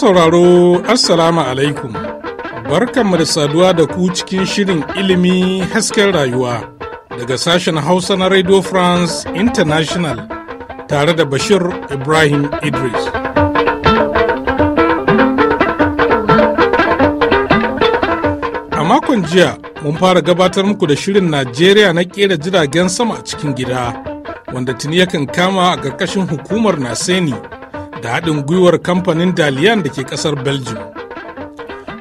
sauraro, Assalamu alaikum. Barkanmu da saduwa da ku cikin shirin ilimi hasken rayuwa daga sashen Hausa na Radio France International tare da Bashir Ibrahim Idris. A makon jiya, mun fara gabatar muku da shirin Najeriya na kera jiragen sama a cikin gida, wanda tuni yakan kama a ƙarƙashin hukumar Naseni. da haɗin gwiwar kamfanin dalian da ke ƙasar belgium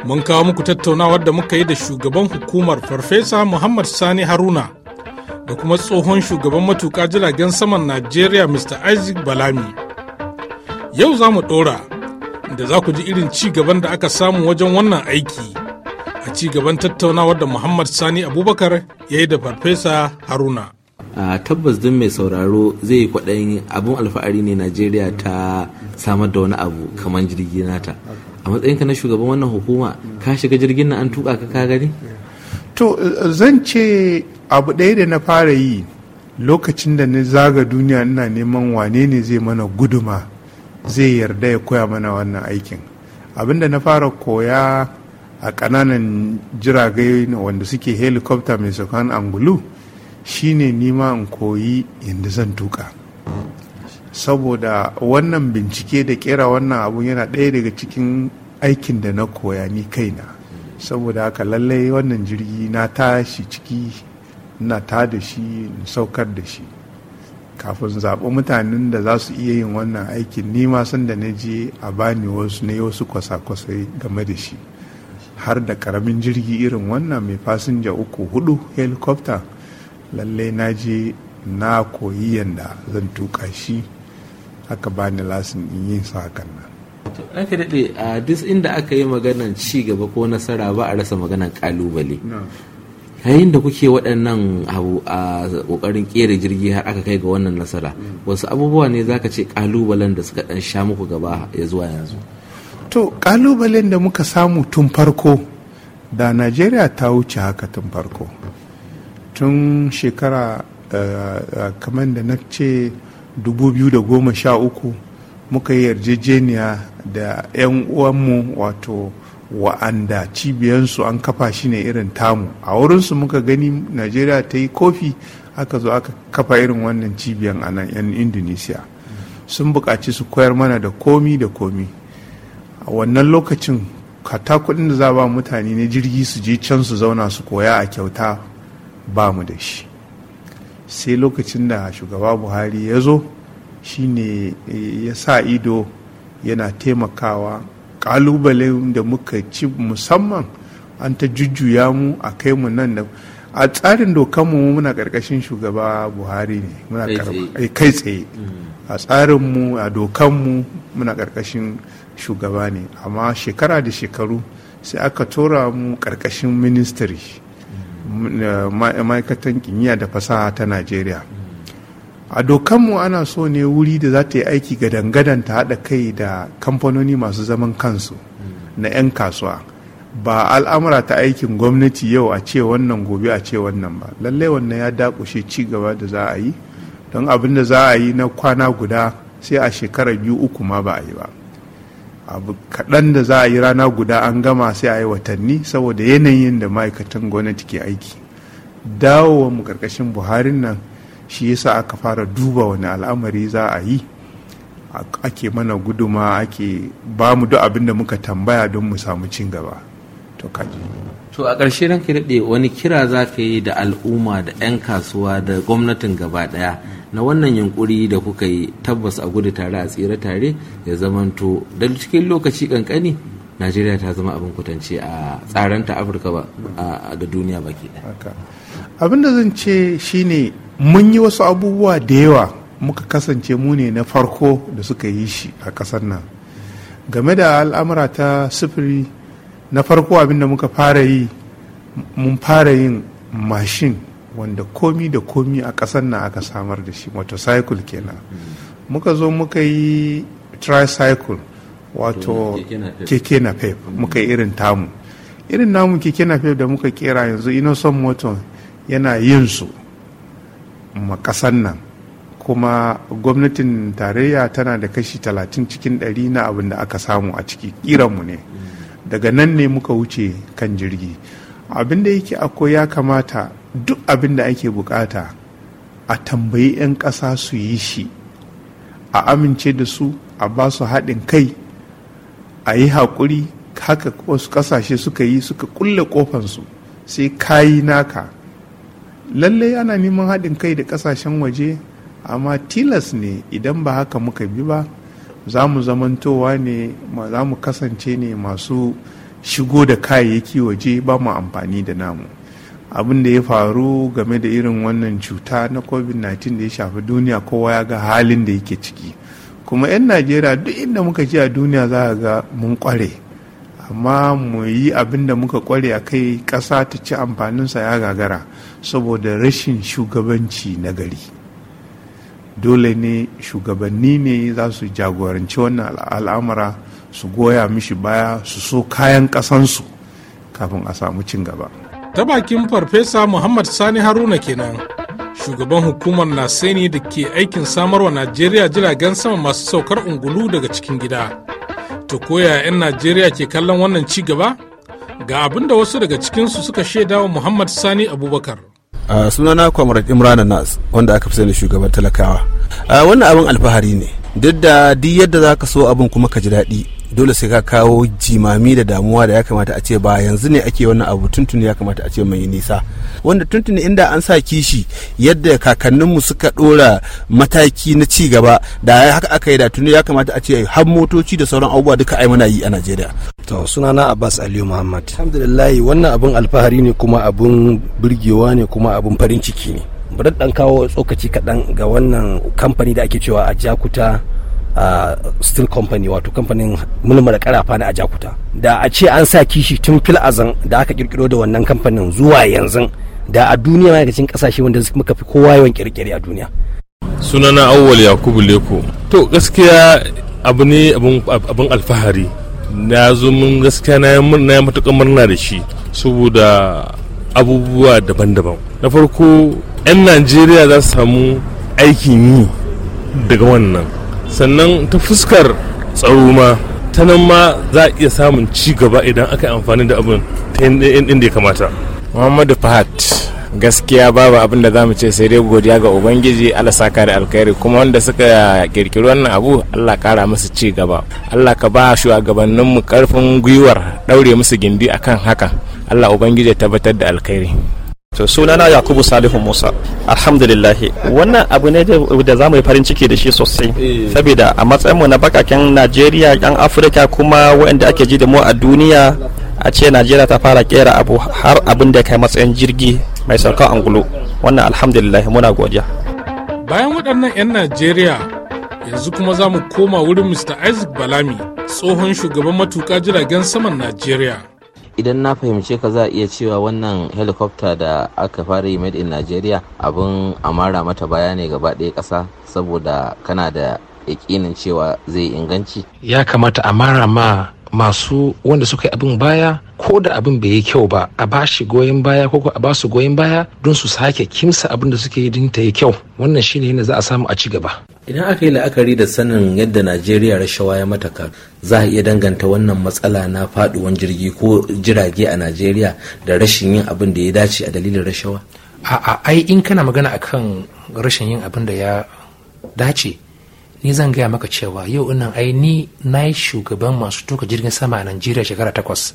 mun kawo muku tattaunawar da muka yi da shugaban hukumar farfesa muhammad sani haruna da kuma tsohon shugaban matuƙa jiragen saman najeriya mr isaac balami yau za mu ɗora da za ku ji irin ci gaban da aka samu wajen wannan aiki a ci gaban tattaunawar da muhammad sani abubakar ya yi da farfesa haruna a tabbas duk mai sauraro zai yi kwaɗayin abin alfa'ari ne najeriya ta samar da wani abu kamar jirgin nata a matsayinka na shugaban wannan hukuma ka shiga jirgin na an tuka ka ka gani to zan ce abu ɗaya da na fara yi lokacin da na zaga duniya ina neman wane ne zai mana guduma zai yarda ya koya mana wannan aikin abin da na fara koya a ƙananan jiragen wanda suke helicopter mai saukan angulu shine nima in koyi yadda zan tuka saboda wannan bincike da kera wannan abun yana ɗaya daga cikin aikin da na koya ni kaina saboda haka lallai wannan jirgi na tashi ciki na ta da shi saukar da shi kafin zaɓi mutanen da za su iya yin wannan aikin nima sanda san da na je a bani wasu ne wasu kwasa-kwasai game da shi har da karamin jirgi irin wannan mai fasinja uku hudu helicopter lalle na je na koyi yadda zan tuka shi aka bani lasin in yin sa hakan nan ranka daɗe a duk inda aka yi maganan ci gaba ko nasara ba a rasa maganan kalubale yayin da kuke waɗannan abu a ƙoƙarin ƙera jirgi har aka kai ga wannan nasara wasu abubuwa ne za ka ce ƙalubalen da suka ɗan sha muku gaba ya zuwa yanzu to ƙalubalen da muka samu tun farko da najeriya ta wuce haka tun farko tun shekara eh, eh, kamar da na ce 2013 muka yi yarjejeniya da 'yan uwanmu wato wa'anda cibiyansu an kafa shi ne irin tamu a wurinsu muka gani najeriya ta yi kofi aka zo aka kafa irin wannan cibiyan a nan 'yan indonesiya sun buƙaci su koyar mana da komi da komi a wannan lokacin kata kudin da za ba mutane na jirgi su je can su zauna su koya a kyauta ba mu da shi sai lokacin da shugaba buhari ya zo shi ne eh, ya sa ido yana taimakawa kalubale da muka ci musamman an ta jujjuya mu a kai mu nan da a tsarin dokanmu muna karkashin shugaba buhari ne muna kai tsaye eh, mm. a tsarinmu a dokanmu muna karkashin shugaba ne amma shekara da shekaru sai aka tora mu karkashin ministry ma'aikatan kimiyya da fasaha ta najeriya a dokanmu ana so ne wuri da za ta yi aiki ga dangadan ta haɗa kai da kamfanoni masu zaman kansu na 'yan kasuwa ba al'amura ta aikin gwamnati yau a ce wannan gobe a ce wannan ba lallai wannan ya dakushe ci gaba da za a yi don abin da za a yi na kwana guda sai a shekara biyu uku ma ba a yi ba abu kaɗan da za a yi rana guda an gama sai a yi watanni saboda yanayin da ma'aikatan gwamnati ke aiki dawowa mu ƙarƙashin buharin nan shi yasa aka fara duba wani al'amari za a yi ake mana guduma ake ba mu duk abin da muka tambaya don mu samu cin gaba to kaji to a ƙarshe ranka daɗe wani kira za ka yi da al'umma da 'yan kasuwa da gwamnatin gaba ɗaya na wannan yunkuri da kuka yi tabbas a gudu tare a tsira tare ya zamanto da cikin lokaci kankani najeriya ta zama abin kwatance a tsaranta afirka ba da duniya baki abin da zan ce shine mun yi wasu abubuwa da yawa muka kasance mu ne na farko da suka yi shi a ƙasar nan game da al'amura ta sufuri na farko abin da muka fara yi mun fara yin mashin wanda komi da komi a ƙasar nan aka samar da shi motorcycle kenan muka zo muka yi tricycle wato keke na pep muka yi irin tamu irin namu keke na pep da muka kera yanzu innocent motor yana yin su ma ƙasar nan kuma gwamnatin tarayya tana da kashi 30 cikin 100 na abin da aka samu a ciki kiranmu ne daga nan ne muka wuce kan jirgi abin da yake akwai ya kamata duk abin da ake bukata a tambayi 'yan ƙasa su yi shi a amince da su a ba su haɗin kai a yi haƙuri haka wasu ƙasashe suka yi suka kulle ƙofansu sai kayi naka lallai ana neman haɗin kai da ƙasashen waje amma tilas ne idan ba haka muka bi ba za mu zamantowa ne za mu kasance ne masu shigo da kayayyaki waje ba mu amfani da namu abin da ya faru game da irin wannan cuta na covid-19 da ya shafi duniya kowa ya ga halin da yake ciki kuma 'yan najeriya duk inda muka ji a duniya za a ga mun kware amma mu yi abin da muka kware a kai ƙasa ta ci amfaninsa ya gagara saboda rashin shugabanci na gari dole ne shugabanni ne za su jagoranci wannan al'amura su goya mishi baya su so kayan kasansu kafin a samu cin gaba ta bakin farfesa muhammad sani haruna kenan shugaban hukumar naseni da ke aikin samarwa najeriya jiragen sama masu saukar ungulu daga cikin gida ta koya 'yan najeriya ke kallon wannan ci gaba ga abin da wasu daga cikinsu suka shaida wa muhammad sani abubakar sunana comrade imran nas wanda aka fi sani shugaban talakawa wannan abin alfahari ne duk da duk yadda za ka so abin kuma ka ji daɗi dole sai ka kawo jimami da damuwa da ya kamata a ce ba yanzu ne ake wannan abu tuntuni ya kamata a ce mai nisa wanda tuntuni inda an sa kishi yadda kakanninmu suka dora mataki na ci gaba da haka aka yi da tuni ya kamata a ce har motoci da sauran abubuwa duka ai muna yi a Najeriya to sunana Abbas Aliyu Muhammad alhamdulillah wannan abun alfahari ne kuma abun birgewa ne kuma abun farin ciki ne bari dan kawo tsokaci kaɗan ga wannan kamfani da ake cewa a jakuta a steel company wato kamfanin mulmar karafa na jakuta da a ce an sa kishi tun fil azan da aka kirkiro da wannan kamfanin zuwa yanzu da a duniya ma cikin kasashe wanda muka fi kowa yawan kirkiri a duniya sunana awwal yakubu leko to gaskiya abu ne abin alfahari na zo mun gaskiya na yi matuƙar murna da shi saboda abubuwa daban-daban na farko 'yan najeriya za su samu aikin yi daga wannan sannan ta fuskar tsaro ma ta nan ma za a iya samun ci gaba idan aka yi amfani da abin ta da ya kamata muhammadu fahad gaskiya babu abin da zamu ce sai dai godiya ga ubangiji allah saka da alkhairi kuma wanda suka kirkiri wannan abu allah kara musu ci gaba allah ka ba shugabanninmu karfin gwiwar daure musu gindi akan haka allah ubangiji tabbatar da alkhairi to sunana yakubu salihu musa alhamdulillah wannan abu ne da za mu yi farin ciki da shi sosai eh. saboda a matsayin mu na bakaken najeriya yan afirka kuma waɗanda ake ji da mu a duniya a ce najeriya ta fara kera abu har abin da kai matsayin jirgi mai saukan angulo wannan alhamdulillah muna godiya bayan waɗannan 'yan najeriya yanzu kuma za mu koma wurin mr isaac balami tsohon shugaban matuka jiragen saman najeriya idan na fahimce ka za a iya cewa wannan helicopter da aka fara yi made in nigeria abin amara mata baya ne gaba ɗaya ƙasa saboda kana da yakinin cewa zai inganci ya kamata a mara ma masu wanda suka yi abin baya ko da abin bai yi kyau ba a ba shi goyon baya ko a ba su goyon baya don su sake kimsa abin da suke yi don ta yi kyau wannan shine yadda za a samu a ci gaba idan aka yi la'akari da sanin yadda najeriya rashawa ya mataka za a iya danganta wannan matsala na faduwan jirgi ko jirage a najeriya da rashin yin abin da ya dace a dalilin rashawa a'a ai in kana magana a kan rashin yin abin da ya dace ni zan gaya maka cewa yau nan ai ni na yi shugaban masu tuka jirgin sama a najeriya shekara takwas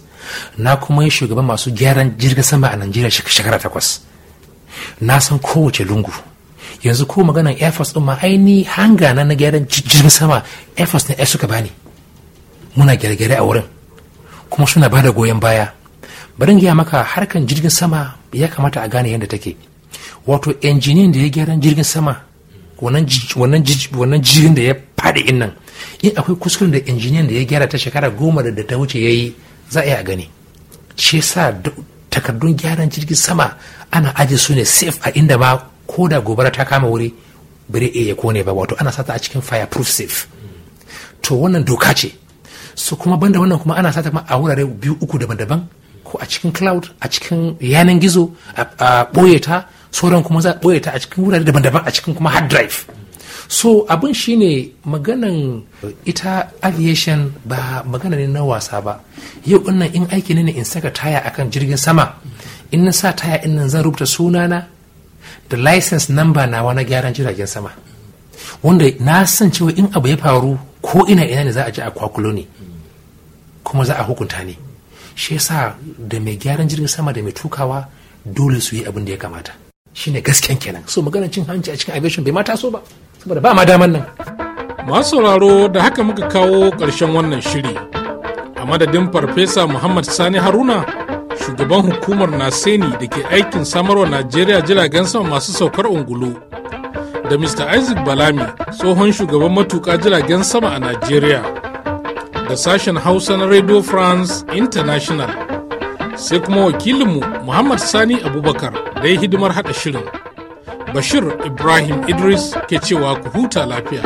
na kuma yi shugaban masu gyaran jirgin sama a najeriya shekara takwas na san kowace lungu yanzu ko maganan air din ma aini hanga na na gyaran jirgin sama air na suka bani muna gyare-gyare a wurin kuma suna bada goyon baya barin gaya maka harkan jirgin sama ya kamata a gane yadda take wato injiniyan da ya gyaran jirgin sama wannan jirgin da ya faɗi in nan in akwai kuskuren da injiniyan da ya gyara ta shekara goma da ta wuce ya yi za a yi a gani shi sa takardun gyaran jirgin sama ana aje su ne safe a inda ma ko da gobara ta kama wuri bare iya ya kone ba wato ana sata a cikin fireproof safe to wannan doka ce su kuma banda wannan kuma ana sata a wurare biyu uku daban-daban ko a cikin cloud a cikin yanan gizo a ɓoye ta sauran kuma za a ɓoye ta a cikin wurare daban-daban a cikin kuma hard drive so abin shine maganan ita aviation ba magana ne na wasa ba yau nan in aiki ne in saka taya akan jirgin sama in na sa taya in nan zan rubuta sunana da license number nawa na gyaran jiragen sama wanda na san cewa in abu ya faru ko ina ina ne za a ji a kwakulo ne kuma za a hukunta ne shi yasa da mai gyaran jirgin sama da mai tukawa dole su yi abin da ya kamata Shi ne gasken kenan so maganar cin hanci a cikin aviation bai ma taso ba saboda ba ma daman nan masu sauraro da haka muka kawo ƙarshen wannan shiri a madadin farfesa muhammad sani haruna shugaban hukumar naseni da ke aikin samarwa najeriya jiragen sama masu saukar ungulu da mr isaac balami tsohon shugaban matuka jiragen sama a najeriya da sashen hausa na radio france international sai kuma wakilinmu muhammad sani abubakar da ya hidimar haɗa shirin bashir ibrahim idris ke cewa ku huta lafiya